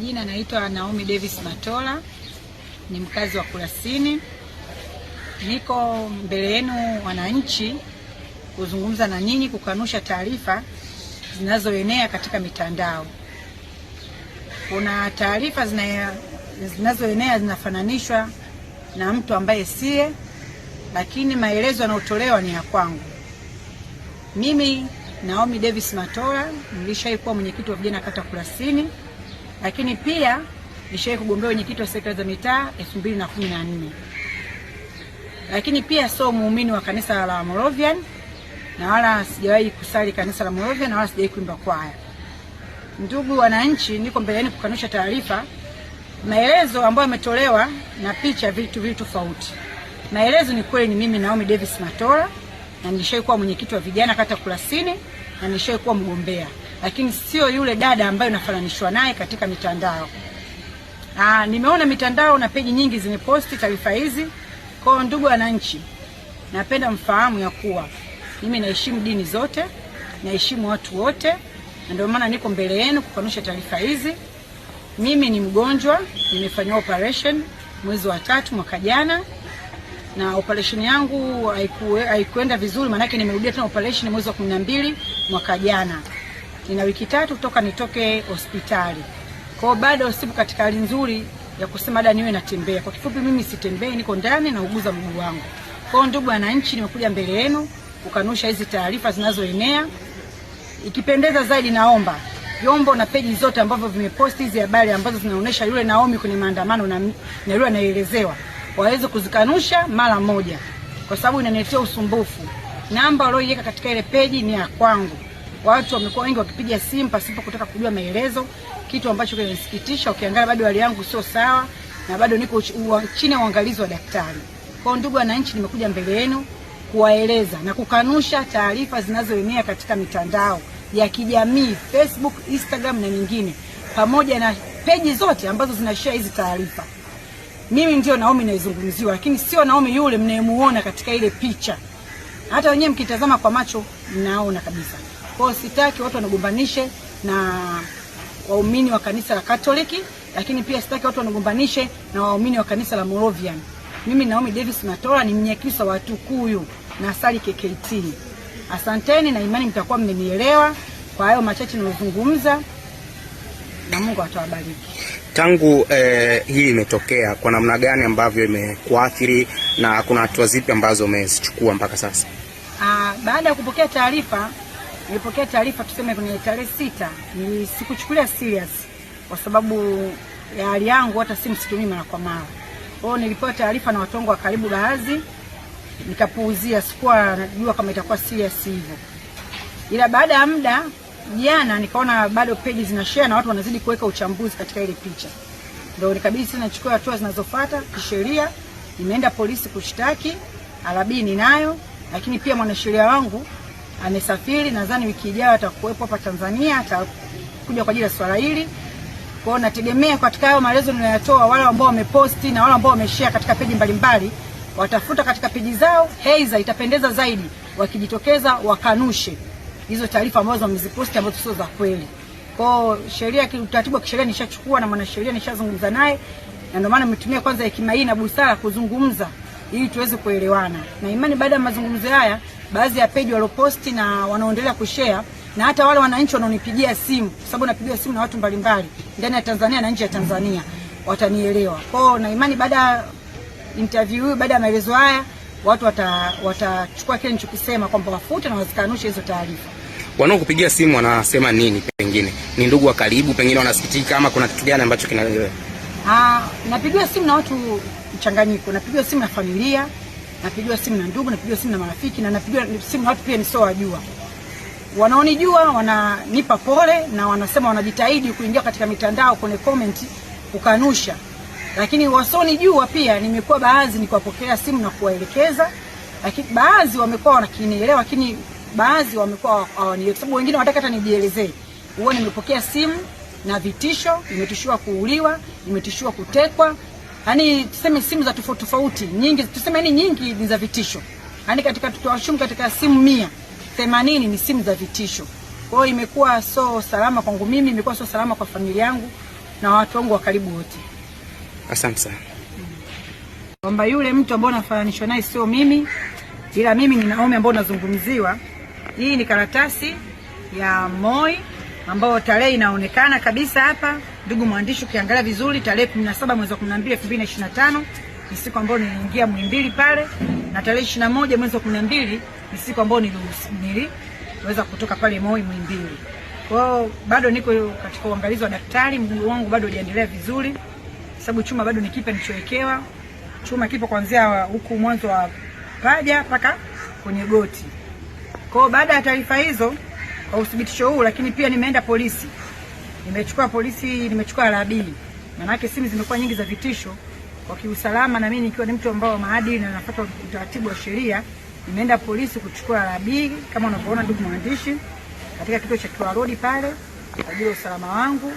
majina naitwa Naomi Davis Matola, ni mkazi wa Kurasini. Niko mbele yenu wananchi, kuzungumza na nyinyi kukanusha taarifa zinazoenea katika mitandao. Kuna taarifa zinazoenea zinafananishwa na mtu ambaye siye, lakini maelezo yanayotolewa ni ya kwangu mimi Naomi Davis Matola, nilishaikuwa mwenyekiti wa vijana kata Kurasini lakini pia nishawahi kugombea wenyekiti wa sekta za mitaa 2014 lakini pia so muumini wa kanisa la Moravian na wala sijawahi kusali kanisa la Moravian na wala sijawahi kuimba kwaya. Ndugu wananchi, niko mbele yenu kukanusha taarifa. Maelezo ambayo yametolewa na picha vitu vitu tofauti. Maelezo ni kweli, ni mimi Naomi Davis Matola na nishawahi kuwa mwenyekiti wa vijana kata Kurasini na nishawahi kuwa mgombea lakini sio yule dada ambaye unafananishwa naye katika mitandao. Aa, ah, nimeona mitandao na peji nyingi zimeposti taarifa hizi. Kwa ndugu wananchi, napenda mfahamu ya kuwa mimi naheshimu dini zote, naheshimu watu wote, na ndio maana niko mbele yenu kukanusha taarifa hizi. Mimi ni mgonjwa, nimefanyiwa operation mwezi wa tatu mwaka jana, na operation yangu haikuenda vizuri, maanake nimerudia tena operation mwezi wa kumi na mbili mwaka jana nina wiki tatu toka nitoke hospitali. Kwa hiyo bado sipo katika hali nzuri ya kusema da niwe natembea. Kwa kifupi, mimi sitembei, niko ndani na uguza mguu wangu. Kwa hiyo, ndugu wananchi, nimekuja mbele yenu kukanusha hizi taarifa zinazoenea. Ikipendeza zaidi, naomba vyombo na peji zote ambavyo vimeposti hizi habari ambazo zinaonyesha yule Naomi kwenye maandamano na, na yule anaelezewa waweze kuzikanusha mara moja, kwa sababu inaniletea usumbufu. Namba walioiweka katika ile peji ni ya kwangu watu wamekuwa wengi wakipiga simu pasipo kutaka kujua maelezo, kitu ambacho kinanisikitisha. Ukiangalia bado hali yangu sio sawa na bado niko chini ya uangalizi wa daktari. Kwa ndugu wananchi, nimekuja mbele yenu kuwaeleza na kukanusha taarifa zinazoenea katika mitandao ya kijamii Facebook, Instagram na nyingine, pamoja na peji zote ambazo zinashare hizi taarifa. Mimi ndio Naomi naizungumziwa, lakini sio Naomi yule mnayemuona katika ile picha. Hata wenyewe mkitazama kwa macho mnaona kabisa. Kwa hiyo sitaki watu wanigombanishe na waumini wa kanisa la Katoliki, lakini pia sitaki watu wanigombanishe na waumini wa kanisa la Moravian. Mimi Naomi Davis Matola ni mnyekisa wa Tukuyu na asali KKT. Asanteni na imani mtakuwa mmenielewa kwa hayo machache nilizungumza, na Mungu atawabariki. Tangu eh, hii imetokea, kwa namna gani ambavyo imekuathiri na kuna hatua zipi ambazo umezichukua mpaka sasa? Aa, ah, baada ya kupokea taarifa nilipokea taarifa tuseme kwenye tarehe sita, sikuchukulia serious kwa sababu ya hali yangu, hata simu situmii mara kwa mara. Kwao nilipewa taarifa na watu wangu wa karibu baadhi, nikapuuzia, sikuwa najua kama itakuwa serious hivyo, ila baada ya muda jana nikaona bado page zina share na watu wanazidi kuweka uchambuzi katika ile picha, ndio nikabidi sasa nichukue hatua zinazofuata kisheria. Nimeenda polisi kushtaki, alabii ninayo, lakini pia mwanasheria wangu amesafiri, nadhani wiki ijayo atakuwepo hapa Tanzania, atakuja kwa ajili ya swala hili. Kwa hiyo nategemea katika hayo maelezo ninayotoa, wale ambao wameposti na wale ambao wameshare katika peji mbalimbali watafuta katika peji zao, heiza itapendeza zaidi wakijitokeza wakanushe hizo taarifa ambazo wameziposti ambazo sio za kweli. Kwa sheria, utaratibu wa kisheria nishachukua na mwanasheria nishazungumza naye, na ndio maana nimetumia kwanza hekima hii na busara kuzungumza ili tuweze kuelewana, na imani baada ya mazungumzo haya, baadhi ya page walioposti na wanaoendelea kushare na hata wale wananchi wanaonipigia simu, kwa sababu napigia simu na watu mbalimbali ndani ya Tanzania na nje ya Tanzania, watanielewa kwao, na imani baada ya interview hii, baada ya maelezo haya, watu watachukua wata kile nilichokisema kwamba wafute na wazikanushe hizo taarifa. Wanaokupigia simu wanasema nini? Pengine ni ndugu wa karibu, pengine wanasikitika, ama kuna kitu gani ambacho kinaelewa? Ah, napigiwa simu na watu mchanganyiko, napigiwa simu na familia, napigiwa simu na ndugu, napigiwa simu na marafiki na napigiwa simu watu pia nisiowajua. Wanaonijua wananipa pole na wanasema wanajitahidi kuingia katika mitandao kwenye comment kukanusha, lakini wasionijua pia nimekuwa baadhi nikiwapokea simu na kuwaelekeza, lakini baadhi wamekuwa wanakinielewa, lakini baadhi wamekuwa hawani, kwa sababu wengine wanataka hata nijielezee. Huwa nimepokea simu na vitisho, nimetishiwa kuuliwa, nimetishiwa kutekwa yaani tuseme simu za tofauti tofauti nyingi, tuseme yani nyingi ni za vitisho, yaani katika tukiwashumu katika simu mia themanini ni simu za vitisho. Kwa hiyo imekuwa so salama kwangu mimi, imekuwa so salama kwa familia yangu na watu wangu wa karibu wote. Asante sana kwamba yule mtu ambaye nafananishwa naye sio mimi, ila mimi ni Naomi ambaye unazungumziwa. Hii ni karatasi ya MOI ambao tarehe inaonekana kabisa hapa, ndugu mwandishi, ukiangalia vizuri, tarehe 17 mwezi wa 12 2025 ni siku ambayo niliingia Muhimbili pale, na tarehe 21 mwezi wa 12 ni siku ambayo niliweza kutoka pale Moi Muhimbili. Kwa hiyo bado niko katika uangalizi wa daktari, mguu wangu bado hujaendelea vizuri, sababu chuma bado kipe nichowekewa chuma kipo kuanzia huku mwanzo wa paja mpaka kwenye goti. Kwa hiyo baada ya taarifa hizo kwa uthibitisho huu, lakini pia nimeenda polisi, nimechukua polisi, nimechukua labii, maanake simu zimekuwa nyingi za vitisho kwa kiusalama, na mimi nikiwa ni mtu ambao maadili na nafuata utaratibu wa sheria, nimeenda polisi kuchukua labii kama unavyoona, ndugu mwandishi, katika kituo cha Kiwa Road pale kwa ajili ya usalama wangu.